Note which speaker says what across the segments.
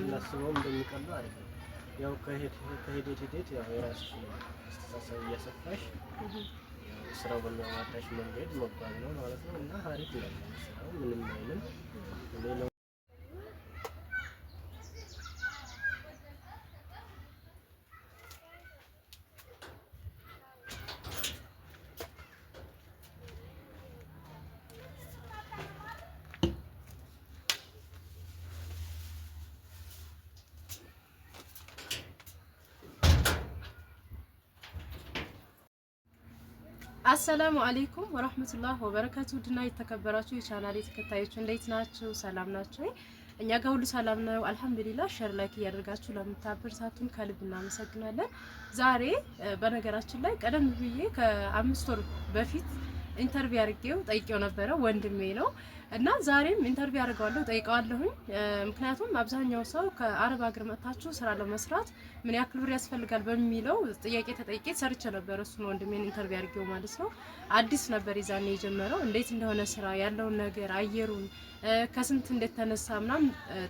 Speaker 1: እንደምናስበው እንደሚቀለው አይደለም። ያው ከሂደት ሂደት ያው የራሱ አስተሳሰብ እያሰፋሽ ስራው በሚያዋጣሽ መንገድ መጓዝ ነው ማለት ነው እና አሪፍ ነው ስራው ምንም አይልም። አሰላሙ አሌይኩም ወራህመቱላህ ወበረከቱ ድና የተከበራችሁ የቻናሌ ተከታዮች እንዴት ናችሁ? ሰላም ናቸው? እኛ ጋር ሁሉ ሰላም ነው አልሐምዱሊላ። ሸር ላይክ እያደርጋችሁ ለምታበረታቱን ከልብ እናመሰግናለን። ዛሬ በነገራችን ላይ ቀደም ብዬ ከአምስት ወር በፊት ኢንተርቪው አድርጌው ጠይቄው ነበረ ወንድሜ ነው እና ዛሬም ኢንተርቪው አድርገዋለሁ ጠይቀዋለሁኝ። ምክንያቱም አብዛኛው ሰው ከአረብ ሀገር መጥታችሁ ስራ ለመስራት ምን ያክል ብር ያስፈልጋል በሚለው ጥያቄ ተጠይቄ ሰርቼ ነበር። ነው ወንድሜን ኢንተርቪው አድርጌው ማለት ነው። አዲስ ነበር ይዛኔ የጀመረው እንዴት እንደሆነ ስራ ያለውን ነገር አየሩን ከስንት እንዴት ተነሳ ምናምን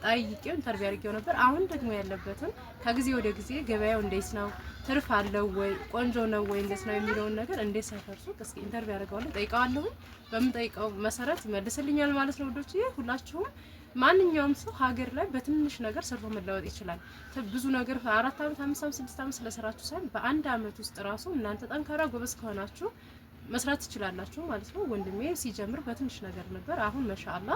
Speaker 1: ጠይቄው ኢንተርቪው አድርጌው ነበር። አሁን ደግሞ ያለበትን ከጊዜ ወደ ጊዜ ገበያው እንዴት ነው፣ ትርፍ አለው ወይ፣ ቆንጆ ነው ወይ፣ እንዴት ነው የሚለውን ነገር እንዴት ሳይፈርሱ ኢንተርቪው አድርገዋለሁ በምን ጠይቀው መሰረት ይመልስልኛል ይችላል ማለት ነው ወዶች። ሁላችሁም ማንኛውም ሰው ሀገር ላይ በትንሽ ነገር ሰርቶ መለወጥ ይችላል። ብዙ ነገር አራት አመት፣ አምስት አመት፣ ስድስት አመት ስለሰራችሁ ሳይሆን በአንድ አመት ውስጥ ራሱ እናንተ ጠንካራ ጎበዝ ከሆናችሁ መስራት ትችላላችሁ ማለት ነው። ወንድሜ ሲጀምር በትንሽ ነገር ነበር። አሁን መሻአላ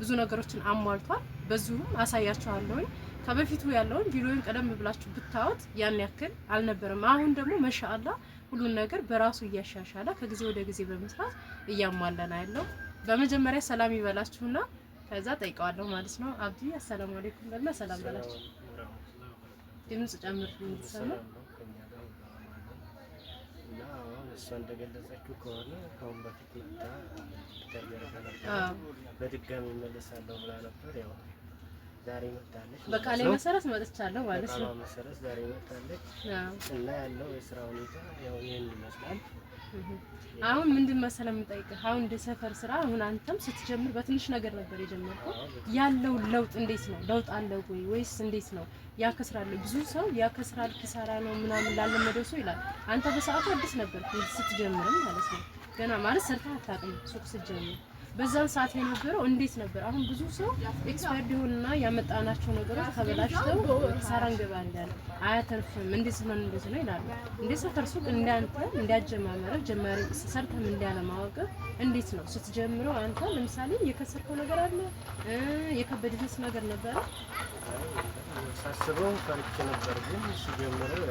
Speaker 1: ብዙ ነገሮችን አሟልቷል። በዚሁም አሳያችኋለሁኝ። ከበፊቱ ያለውን ቪዲዮን ቀደም ብላችሁ ብታዩት ያን ያክል አልነበረም። አሁን ደግሞ መሻአላ ሁሉን ነገር በራሱ እያሻሻለ ከጊዜ ወደ ጊዜ በመስራት እያሟለና ያለው በመጀመሪያ ሰላም ይበላችሁና ከዛ ጠይቀዋለሁ ማለት ነው። አብዲ አሰላሙ አለይኩም በልና ሰላም በላችሁ። ድምጽ ጨምር እንድትሰማ
Speaker 2: እሷ እንደገለጸችው ከሆነ ከአሁን በፊት መጣ በድጋሚ እመለሳለሁ ብላ ነበር። ያው ዛሬ መጣለች።
Speaker 1: በቃሌ መሰረት መጥቻለሁ ማለት
Speaker 2: ነው። መሰረት ዛሬ መጣለች እና ያለው የስራ ሁኔታ ያው ይህን ይመስላል።
Speaker 1: አሁን ምንድን መሰለህ የምጠይቅህ አሁን እንደ ሰፈር ስራ አሁን አንተም ስትጀምር በትንሽ ነገር ነበር የጀመርከው። ያለው ለውጥ እንዴት ነው? ለውጥ አለ ወይ ወይስ እንዴት ነው? ያከስራል። ብዙ ሰው ያከስራል፣ ኪሳራ ነው ምናምን ላለመደው ሰው ይላል። አንተ በሰዓቱ አዲስ ነበር ስትጀምርም ማለት ነው። ገና ማለት ሰርታ አታውቅም ሱቅ ስትጀምር በዛን ሰዓት የነበረው እንዴት ነበር? አሁን ብዙ ሰው ኤክስፐርድ ይሆንና ያመጣናቸው ነገሮች ተበላሽተው ሳራ እንገባለን፣ አያተርፍም፣ እንዴት ነው እንዴት ነው ይላሉ። እንዴት ስትርሱ እንዳንተ እንዳጀማመረ ጀማሪ ሰርተም ማወቅ እንዴት ነው ስትጀምረው? አንተ ለምሳሌ የከሰርከው ነገር አለ? የከበደስ ነገር ነበረ?
Speaker 2: ሳስበው ፈርቼ ነበር፣ ግን ሲጀምረው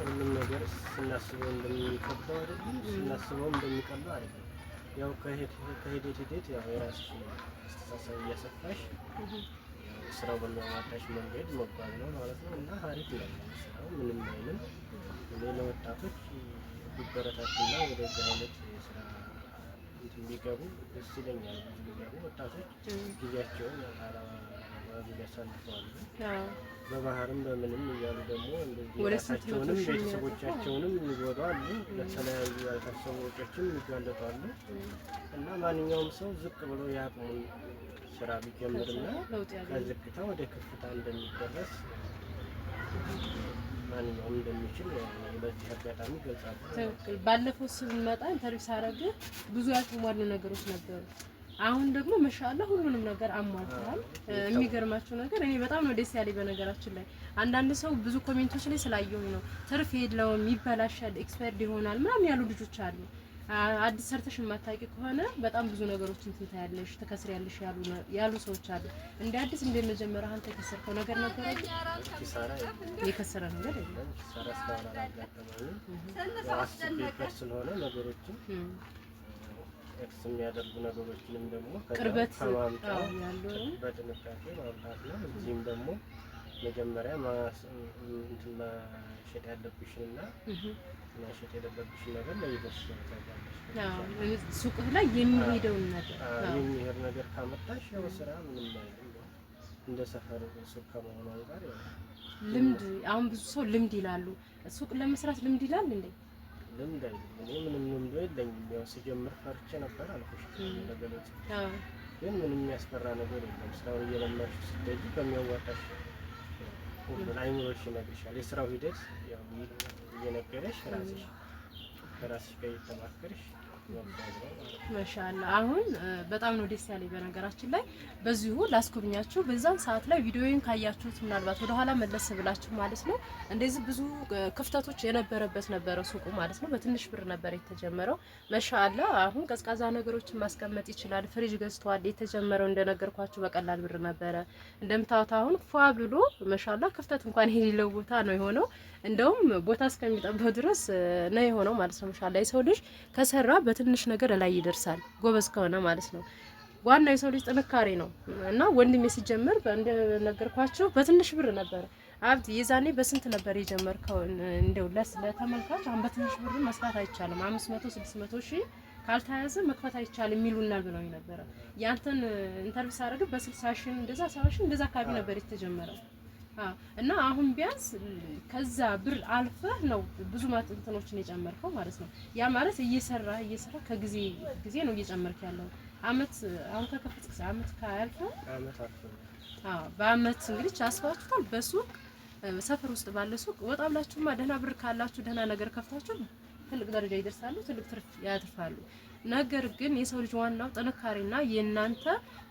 Speaker 2: ሁሉም ነገር ስናስበው እንደሚከብደው አይደለም፣ ስናስበው እንደሚቀለው አይደለም ያው ከሂደት ሂደት ያው የራስሽ አስተሳሰብ እያሰፋሽ ስራው በሚያዋጣሽ መንገድ መጓዝ ነው ማለት ነው እና አሪፍ ነው ምንም አይልም። እኔ ለወጣቶች ቢበረታቱና ወደ ዚህ አይነት ስራ እንዲገቡ ደስ ይለኛል። ብዙ ወጣቶች ጊዜያቸውን ያለ በባህርም በምንም እያሉ ደግሞ ራሳቸውንም ቤተሰቦቻቸውንም የሚጎዱ አሉ። ለተለያዩ ያልታሰቡ ወጮችም የሚጋለጡ አሉ እና ማንኛውም ሰው ዝቅ ብሎ የአቅሙን ስራ ቢጀምርና ከዝቅታ ወደ ከፍታ እንደሚደረስ ማንኛውም እንደሚችል በዚህ አጋጣሚ
Speaker 1: ገልጻሉ። ባለፈው ስንመጣ ኢንተርቪው ሳረግ ብዙ ያልተሟሉ ነገሮች ነበሩ። አሁን ደግሞ መሻላ ሁሉንም ነገር አሟልተዋል። የሚገርማቸው ነገር እኔ በጣም ነው ደስ ያለኝ። በነገራችን ላይ አንዳንድ ሰው ብዙ ኮሜንቶች ላይ ስላየሁኝ ነው ትርፍ የለውም ይበላሻል፣ ኤክስፐርድ ይሆናል ምናምን ያሉ ልጆች አሉ። አዲስ ሰርተሽ የማታውቂ ከሆነ በጣም ብዙ ነገሮችን ትታያለሽ፣ ትከስሪያለሽ ያሉ ያሉ ሰዎች አሉ። እንደ አዲስ እንደ መጀመሪያ አንተ የከሰርከው ነገር ነበር የከሰረ ነገር
Speaker 2: አይደለም። ኤክስ የሚያደርጉ ነገሮችንም ደግሞ ከማምጣት በጥንቃቄ ማምጣት ነው። እዚህም ደግሞ መጀመሪያ መሸጥ ያለብሽን እና መሸጥ ነገር
Speaker 1: ሱቅህ ላይ የሚሄደውን ነገር
Speaker 2: የሚሄድ ነገር ካመጣሽ ያው ስራ ምንም እንደ ሰፈር ሱቅ ከመሆኑ
Speaker 1: ልምድ አሁን ብዙ ሰው ልምድ ይላሉ። ሱቅ ለመስራት ልምድ ይላል እንዴ?
Speaker 2: ልምድ እኔ ምንም ልምዱ የለኝም። ያው ስጀምር ፈርቼ ነበር አልኩሽ። ነገሮች ግን ምንም የሚያስፈራ ነገር የለም። ስራውን እየለመድሽ ስትሄጂ በሚያዋጣሽ ሁሉን አይምሮሽ ይነግርሻል። የስራው ሂደት ያው እየነገረሽ ራስሽ ከራስሽ ጋር እየተማከርሽ
Speaker 1: ማሻአላ አሁን በጣም ነው ደስ ያለኝ። በነገራችን ላይ በዚሁ ላስጎብኛችሁ። በዛን ሰዓት ላይ ቪዲዮውን ካያችሁት ምናልባት ወደኋላ መለስ ብላችሁ ማለት ነው እንደዚህ ብዙ ክፍተቶች የነበረበት ነበረ ሱቁ ማለት ነው። በትንሽ ብር ነበር የተጀመረው። ማሻአላ አሁን ቀዝቃዛ ነገሮችን ማስቀመጥ ይችላል። ፍሪጅ ገዝቷል። የተጀመረው እንደነገርኳችሁ በቀላል ብር ነበረ። እንደምታዩት አሁን ፏ ብሎ ማሻአላ ክፍተት እንኳን የሌለው ቦታ ነው የሆነው። እንደውም ቦታ እስከሚጠበው ድረስ ነው የሆነው ማለት ነው። ማሻአላ የሰው ልጅ ከሰራ በትንሽ ነገር ላይ ይደርሳል፣ ጎበዝ ከሆነ ማለት ነው። ዋና የሰው ልጅ ጥንካሬ ነው እና ወንድሜ ሲጀምር እንደነገርኳቸው በትንሽ ብር ነበረ። አብድ የዛኔ በስንት ነበር የጀመርከው? እንደው ለተመልካች አሁን በትንሽ ብር መስራት አይቻልም፣ አምስት መቶ ስድስት መቶ ሺህ ካልተያዘ መክፈት አይቻልም የሚሉናል ብለው ነበረ። ያንተን ኢንተርቪው ሳደርግ በስልሳ ሺህ እንደዛ ሰባ ሺህ እንደዛ አካባቢ ነበር የተጀመረው እና አሁን ቢያንስ ከዛ ብር አልፈህ ነው ብዙ እንትኖችን የጨመርከው ማለት ነው። ያ ማለት እየሰራ እየሰራ ከጊዜ ጊዜ ነው እየጨመርክ ያለው። አመት አሁን ከከፈትክ አመት ካያልፈው አዎ፣ በአመት እንግዲህ አስባችሁታል። በሱቅ ሰፈር ውስጥ ባለ ሱቅ ወጣ ብላችሁማ ደህና ብር ካላችሁ ደህና ነገር ከፍታችሁ ትልቅ ደረጃ ይደርሳሉ፣ ትልቅ ትርፍ ያትርፋሉ። ነገር ግን የሰው ልጅ ዋናው ጥንካሬና የእናንተ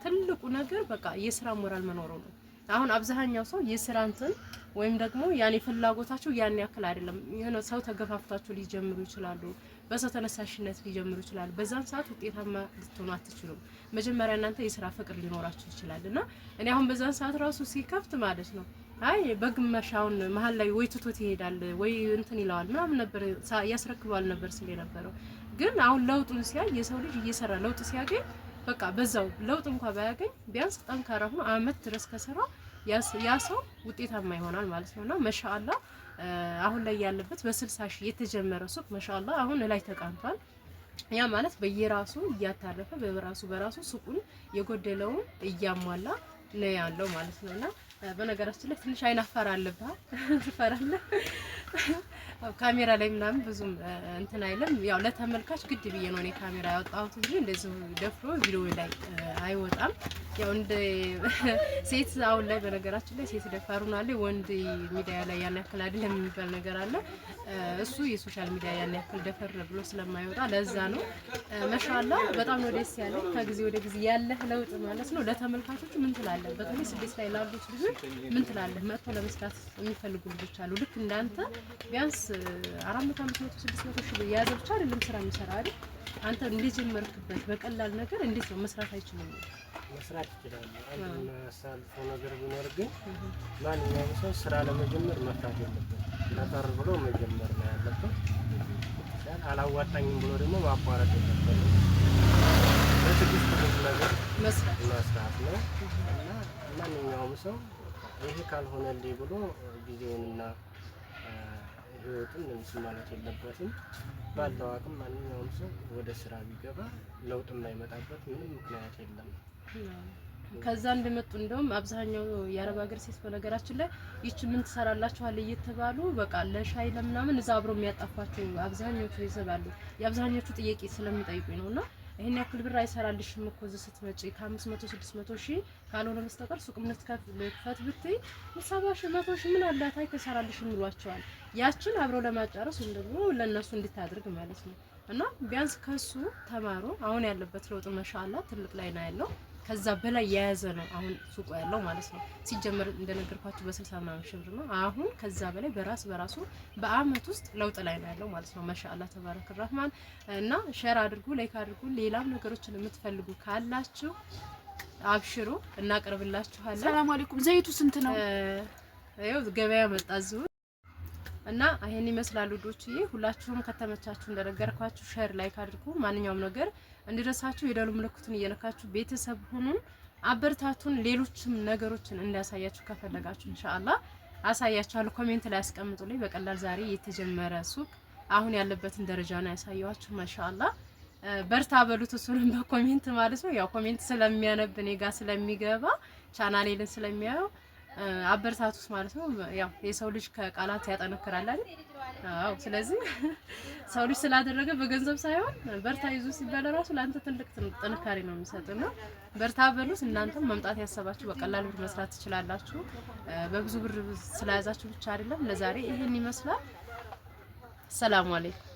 Speaker 1: ትልቁ ነገር በቃ የስራ ሞራል መኖሩ ነው። አሁን አብዛኛው ሰው የስራ እንትን ወይም ደግሞ ያኔ ፍላጎታቸው ያን ያክል አይደለም። የሆነ ሰው ተገፋፍታቸው ሊጀምሩ ይችላሉ። በሰው ተነሳሽነት ሊጀምሩ ይችላሉ። በዛን ሰዓት ውጤታማ ልትሆኑ አትችሉም። መጀመሪያ እናንተ የስራ ፍቅር ሊኖራችሁ ይችላል እና እኔ አሁን በዛን ሰዓት ራሱ ሲከፍት ማለት ነው አይ በግመሻ አሁን መሀል ላይ ወይ ትቶት ይሄዳል ወይ እንትን ይለዋል ምናምን ነበር ያስረክበዋል ነበር ስል የነበረው ግን አሁን ለውጡን ሲያይ የሰው ልጅ እየሰራ ለውጥ ሲያገኝ በቃ በዛው ለውጥ እንኳን ባያገኝ ቢያንስ ጠንካራ ሆኖ አመት ድረስ ከሰራ ያ ሰው ውጤታማ ይሆናል ማለት ነውና መሻአላ አሁን ላይ ያለበት በስልሳ ሺህ የተጀመረ ሱቅ መሻአላ አሁን ላይ ተቃንቷል። ያ ማለት በየራሱ እያታረፈ በራሱ በራሱ ሱቁን የጎደለውን እያሟላ ነው ያለው ማለት ነውና በነገራችን ላይ ትንሽ አይናፋር አለብህ፣ ትፈራለህ ካሜራ ላይ ምናምን ብዙም እንትን አይልም። ያው ለተመልካች ግድ ብዬ ነው እኔ ካሜራ ያወጣሁት እንጂ እንደዚሁ ደፍሮ ቪዲዮ ላይ አይወጣም። ያው እንደ ሴት አሁን ላይ በነገራችን ላይ ሴት ደፋሩን አለ ወንድ ሚዲያ ላይ ያን ያክል አይደለም የሚባል ነገር አለ። እሱ የሶሻል ሚዲያ ያን ያክል ደፈር ብሎ ስለማይወጣ ለዛ ነው። መሻላ በጣም ነው ደስ ያለ ከጊዜ ወደ ጊዜ ያለህ ለውጥ ማለት ነው። ለተመልካቾች ምን ትላለህ? በተለይ ስደት ላይ ላሉት ልጆች ምን ትላለህ? መጥቶ ለመስራት የሚፈልጉ ልጆች አሉ ልክ እንዳንተ ቢያንስ ቢያንስ አራት መቶ አምስት መቶ ስድስት መቶ ሺህ የያዘ ብቻ አይደለም ስራ የሚሰራ አይደል? አንተ እንደጀመርክበት በቀላል ነገር እንዴት ነው መስራት አይችልም?
Speaker 2: መስራት ይችላል። አንድ ሳልፎ ነገር ቢኖር ግን ማንኛውም ሰው ስራ ለመጀመር መፍራት የለበት። ነጠር ብሎ መጀመር ነው ያለበት። አላዋጣኝም ብሎ ደግሞ ማቋረጥ የለበት። በትዕግስት ነገር መስራት ነው እና ማንኛውም ሰው ይህ ካልሆነልኝ ብሎ ጊዜውንና ህይወቱን እንትን ማለት የለበትም። ባለው አቅም ማንኛውም ሰው ወደ ስራ ቢገባ ለውጥ የማይመጣበት ምንም ምክንያት የለም።
Speaker 1: ከዛ እንደመጡ እንደውም አብዛኛው የአረብ ሀገር ሴት በነገራችን ላይ ይች ምን ትሰራላችኋል እየተባሉ በቃ ለሻይ ለምናምን እዛ አብሮ የሚያጣፋቸው አብዛኞቹ ይዘባሉ። የአብዛኞቹ ጥያቄ ስለሚጠይቁኝ ነውና ይሄን ያክል ብር አይሰራልሽም እኮ እዚህ ስትመጪ ከ500 600 መቶ ሺህ ካልሆነ በስተቀር ሱቅ ምነት ከፍት ብትይ ሰባ ሺህ መቶ ሺህ ምን አላት አይ ትሰራልሽም ይሏቸዋል። ያችን አብረው ለማጫረስ ወይም ደግሞ ለእነሱ እንድታደርግ ማለት ነው። እና ቢያንስ ከሱ ተማሩ። አሁን ያለበት ለውጥ መሻላ ትልቅ ላይ ነው ያለው። ከዛ በላይ የያዘ ነው አሁን ሱቁ ያለው ማለት ነው። ሲጀመር እንደነገርኳችሁ በስልሳ ምናምን ሺህ ብር ነው። አሁን ከዛ በላይ በራስ በራሱ በአመት ውስጥ ለውጥ ላይ ነው ያለው ማለት ነው። ማሻአላ ተባረክ ራህማን እና ሼር አድርጉ፣ ላይክ አድርጉ። ሌላም ነገሮችን የምትፈልጉ ካላችሁ አብሽሩ፣ እናቀርብላችኋለን። ሰላም አለይኩም። ዘይቱ ስንት ነው? ገበያ መጣ እና ይሄን ይመስላል ይሄ ሁላችሁም ከተመቻችሁ እንደነገርኳችሁ ሼር፣ ላይክ አድርጉ። ማንኛውም ነገር እንዲደርሳችሁ የደሉ ምልክቱን እየነካችሁ ቤተሰብ ሁኑ አበርታቱን። ሌሎችም ነገሮችን እንዳያሳያችሁ ከፈለጋችሁ ኢንሻአላህ አሳያችኋለሁ። ኮሜንት ላይ አስቀምጡልኝ። በቀላል ዛሬ የተጀመረ ሱቅ አሁን ያለበትን ደረጃ ነው ያሳየኋችሁ። ማሻአላህ በርታ በሉት፣ እሱንም በኮሜንት ማለት ነው። ያው ኮሜንት ስለሚያነብ እኔ ጋር ስለሚገባ ቻናሌልን ስለሚያየው አበረታቱስ ማለት ነው። ያው የሰው ልጅ ከቃላት ያጠነክራል አይደል? አዎ። ስለዚህ ሰው ልጅ ስላደረገ በገንዘብ ሳይሆን በርታ ይዞ ሲባል ራሱ ለአንተ ትልቅ ጥንካሬ ነው የሚሰጥና በርታ በሉት። እናንተም መምጣት ያሰባችሁ በቀላል ብር መስራት ትችላላችሁ። በብዙ ብር ስለያዛችሁ ብቻ አይደለም። ለዛሬ ይህን ይመስላል። ሰላም አለይኩም።